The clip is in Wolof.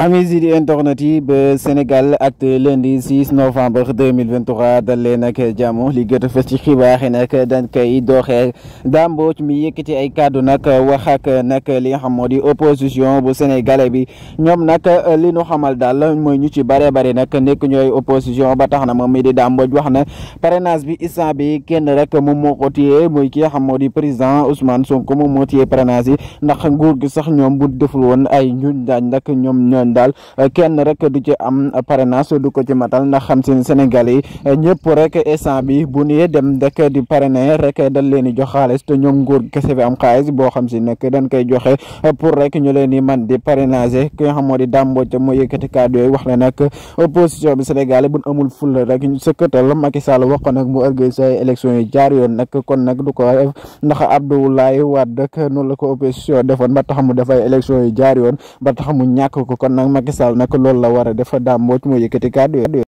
amis yi di internet yi ba Sénégal ak lundi 6 novembre 2023 dalee nag jàmm li gën a fës ci xibaar yi nag dañ koy mi yëkkati ay kàddu nag wax ak nag li nga xam moo di opposition bu sénégalais bi ñoom nag li ñu xamal daal mooy ñu ci bare bare nag nekk ñooy opposition ba tax na moom mi di Dame wax na parrainage bi instant bi kenn rek moom moo ko téye muy ki nga xam moo di président Ousmane Sonko moom yi ndax nguur gi sax ñoom bu deful woon ay njuñ daañ nag ñoom ñoom leen daal kenn rek du ci am parrainage du ko ci matal ndax xam seen Sénégal yi ñëpp rek instant bi bu ñu dem rek di parrainer rek dañ leen jox xaalis te ñoom nguur kese fi am xaalis boo xam si nag dañ koy joxe pour rek ñu leen di man di parrainager ki nga xam moo di dàmboo ca moo yëkkati kàddu yooyu wax la nag opposition Sénégal bu amul ful rek ñu sëkkatal Macky Sall wax ko nag mu organiser ay élection yi jaar yoon nag kon nag du ko ndax Abdoulaye Wade noonu la ko opposition defoon ba tax mu def ay élection yi nag Macky Sall nag loolu la war a def Dame Mbodj moo yëkkati kàddu